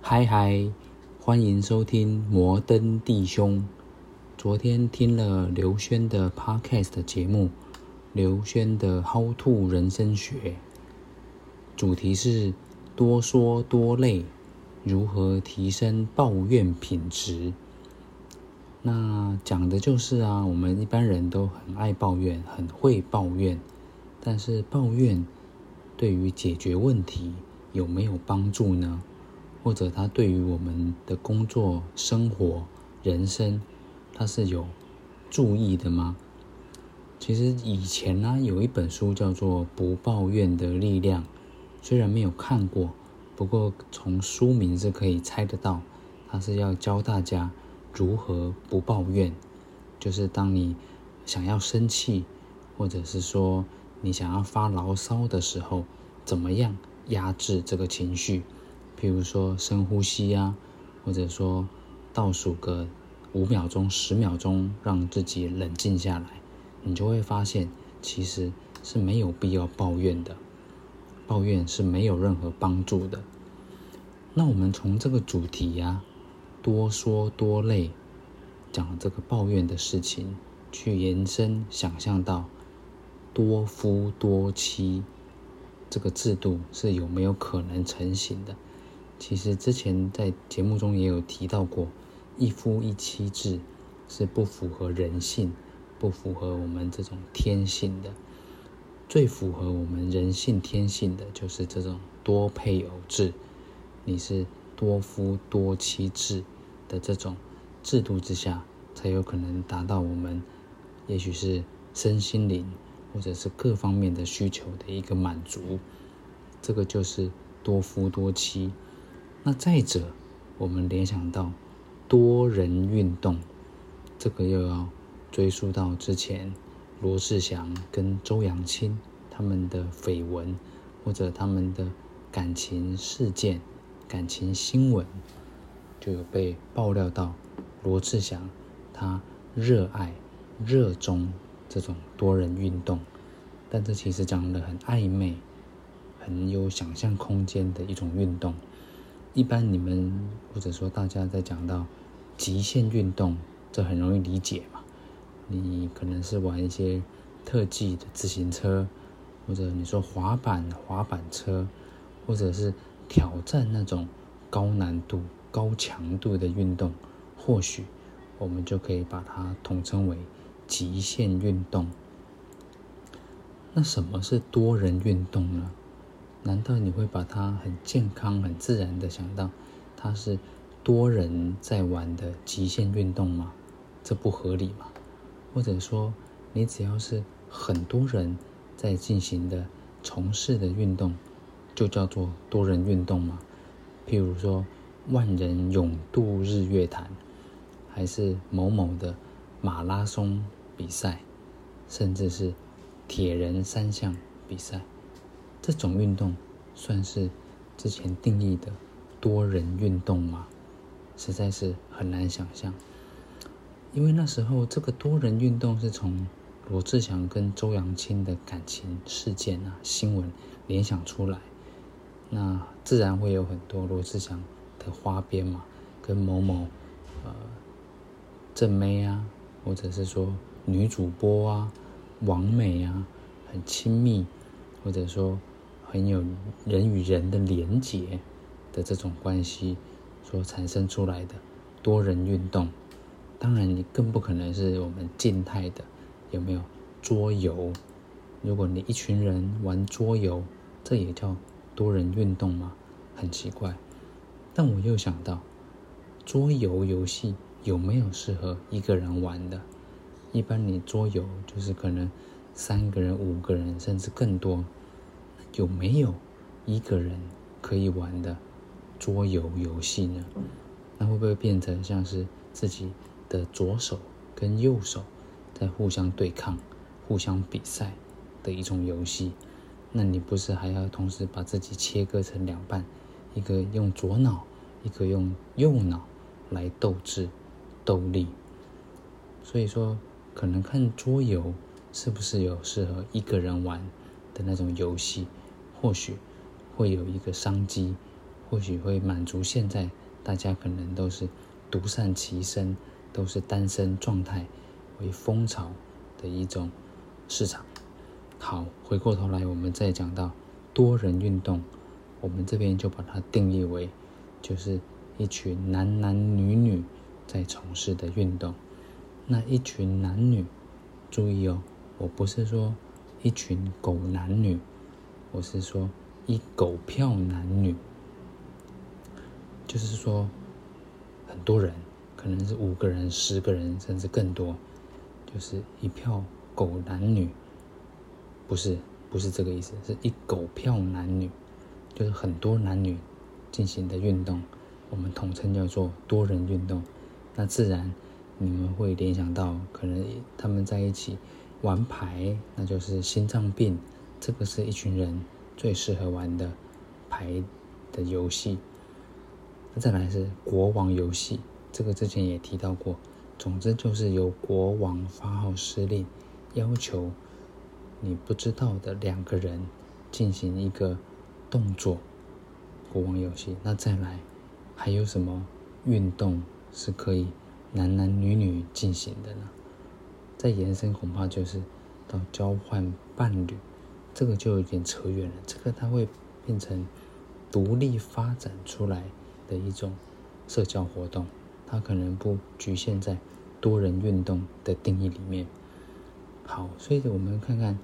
嗨嗨，歡迎收聽摩登弟兄。昨天聽了劉軒的 Podcast 的節目，劉軒的 “How to 人生學”，主題是“多說多累”，如何提升抱怨品質？那講的就是啊，我們一般人都很愛抱怨，很會抱怨，但是抱怨對於解決問題有沒有幫助呢？或者他對於我們的工作、生活、人生，他是有注意的嗎？其實以前呢、啊，有一本書叫做《不抱怨的力量》，雖然沒有看過，不過從書名是可以猜得到，它是要教大家如何不抱怨。就是當你想要生氣，或者是說你想要發牢騷的時候，怎麼樣壓制這個情緒？比如說深呼吸啊，或者說倒數個五秒鐘、十秒鐘，讓自己冷靜下來，你就會發現其實是沒有必要抱怨的，抱怨是沒有任何幫助的。那我們從這個主題呀、啊，多說多累，講這個抱怨的事情，去延伸想象到多夫多妻，這個制度是有沒有可能成型的？其實之前在節目中也有提到過，一夫一妻制是不符合人性、不符合我們這種天性的。最符合我們人性天性的就是這種多配偶制，你是多夫多妻制的這種制度之下，才有可能達到我們也許是身心靈或者是各方面的需求的一個滿足。這個就是多夫多妻。那再者，我們聯想到多人運動，這個又要追溯到之前羅志祥跟周揚青他們的緋聞，或者他們的感情事件、感情新聞，就有被爆料到羅志祥他熱愛、熱衷這種多人運動，但這其實講的很曖昧，很有想象空間的一種運動。一般你們或者說大家在講到極限運動，這很容易理解嘛。你可能是玩一些特技的自行車，或者你說滑板、滑板車，或者是挑戰那種高難度、高強度的運動，或許我們就可以把它統稱為極限運動。那什麼是多人運動呢？難道你會把它很健康、很自然的想到它是多人在玩的極限運動嗎？這不合理嗎？或者說，你只要是很多人在進行的、從事的運動，就叫做多人運動嗎？譬如說萬人勇渡日月潭，還是某某的馬拉松比賽，甚至是鐵人三項比賽。這種運動，算是之前定義的多人運動嗎？實在是很難想象因為那時候這個多人運動是從羅志祥跟周揚青的感情事件啊新聞聯想出來，那自然會有很多羅志祥的花邊嘛，跟某某呃正妹啊，或者是說女主播啊、網美啊很親密，或者說。很有人與人的連結的這種關係所產生出來的多人運動，當然你更不可能是我們靜態的，有沒有桌遊？如果你一群人玩桌遊，這也叫多人運動嗎？很奇怪。但我又想到，桌遊遊戲有沒有適合一個人玩的？一般你桌遊就是可能三個人、五個人，甚至更多。有沒有一個人可以玩的桌遊遊戲呢？那會不會變成像是自己的左手跟右手在互相對抗、互相比賽的一種遊戲？那你不是還要同時把自己切割成兩半，一個用左腦，一個用右腦來鬥智、鬥力？所以說，可能看桌遊是不是有適合一個人玩的那種遊戲。或許會有一個商機，或許會滿足現在大家可能都是獨善其身，都是單身狀態為風潮的一種市場。好，回過頭來我們再講到多人運動，我們這邊就把它定義為就是一群男男女女在從事的運動。那一群男女，注意哦，我不是說一群狗男女。我是說，一狗票男女，就是說，很多人可能是五個人、十個人，甚至更多，就是一票狗男女，不是不是這個意思，是一狗票男女，就是很多男女進行的運動，我們統稱叫做多人運動。那自然你們會聯想到，可能他們在一起玩牌，那就是心臟病。這個是一群人最適合玩的牌的遊戲。那再來是國王遊戲，這個之前也提到過。總之就是由國王發號施令，要求你不知道的兩個人進行一個動作。國王遊戲。那再來還有什麼運動是可以男男女女進行的呢？再延伸恐怕就是到交換伴侶。這個就有點扯遠了。這個它會變成獨立發展出來的一種社交活動，它可能不局限在多人運動的定義裡面。好，所以我們看看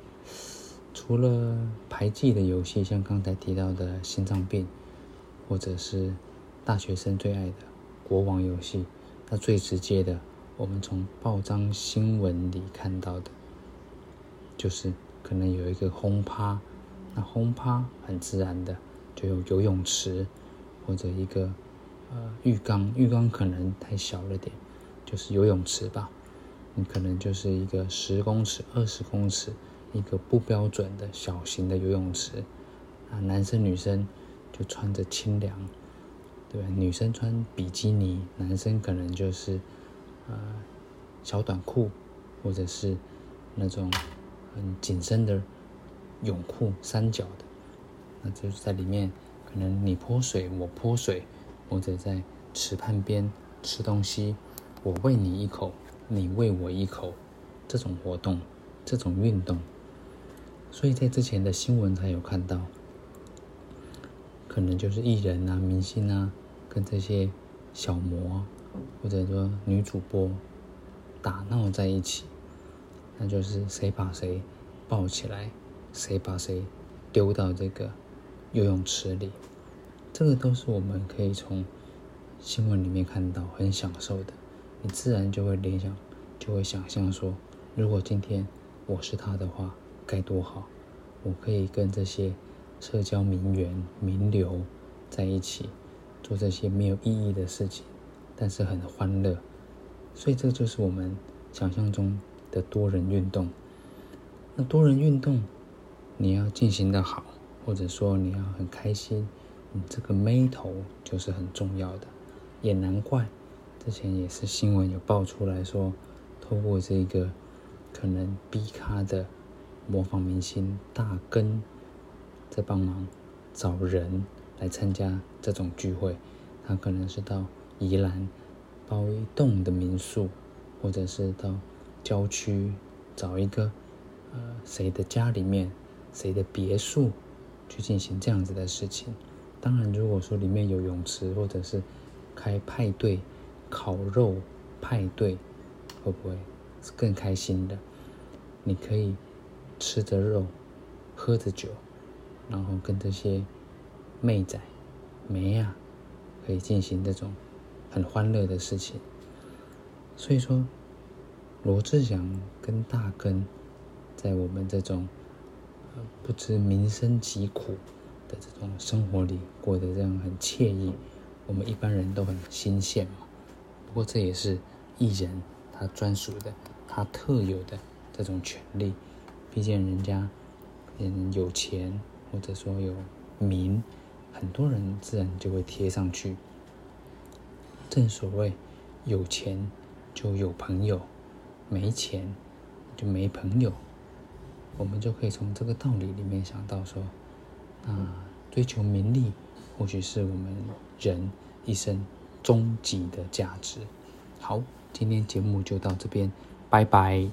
除了排擠的遊戲，像剛才提到的心臟病，或者是大學生最愛的國王遊戲，那最直接的，我們從報章新聞裡看到的，就是。可能有一個轟趴，那轟趴很自然的就有游泳池，或者一個呃浴缸，浴缸可能太小了點，就是游泳池吧。你可能就是一個十公尺、二十公尺一個不標準的小型的游泳池。啊，男生女生就穿着清涼，對吧？女生穿比基尼，男生可能就是呃小短褲，或者是那種。很緊身的泳褲，三角的，那就是在裡面，可能你潑水，我潑水，或者在池畔邊吃東西，我餵你一口，你餵我一口，這種活動，這種運動，所以在之前的新聞才有看到，可能就是藝人啊、明星啊，跟這些小模或者說女主播打鬧在一起。那就是誰把誰抱起來，誰把誰丟到這個游泳池裡，這個都是我們可以從新聞裡面看到，很享受的。你自然就會聯想，就會想象說，如果今天我是他的話，該多好！我可以跟這些社交名媛、名流在一起，做這些沒有意義的事情，但是很歡樂。所以這就是我們想象中。的多人運動，那多人運動，你要進行得好，或者說你要很開心，你這個眉頭就是很重要的。也難怪，之前也是新聞有爆出來說，透過這個可能 B 咖的模仿明星大根在幫忙找人來參加這種聚會，他可能是到宜蘭包一棟的民宿，或者是到。郊區找一個，呃，誰的家裡面，誰的別墅，去進行這樣子的事情。當然，如果說裡面有泳池，或者是開派對、烤肉派對，會不會是更開心的？你可以吃着肉，喝着酒，然後跟這些妹仔、妹呀、啊，可以進行這種很歡樂的事情。所以說。羅志祥跟大根，在我們這種呃不知民生疾苦的這種生活裡，過得這樣很愜意，我們一般人都很新鮮嘛。不過這也是藝人他專屬的，他特有的這種權利。畢竟人家嗯有錢或者說有名，很多人自然就會貼上去。正所謂有錢就有朋友。沒錢就沒朋友，我們就可以從這個道理裡面想到說，那、啊、追求名利或許是我們人一生終極的價值。好，今天節目就到這邊，拜拜。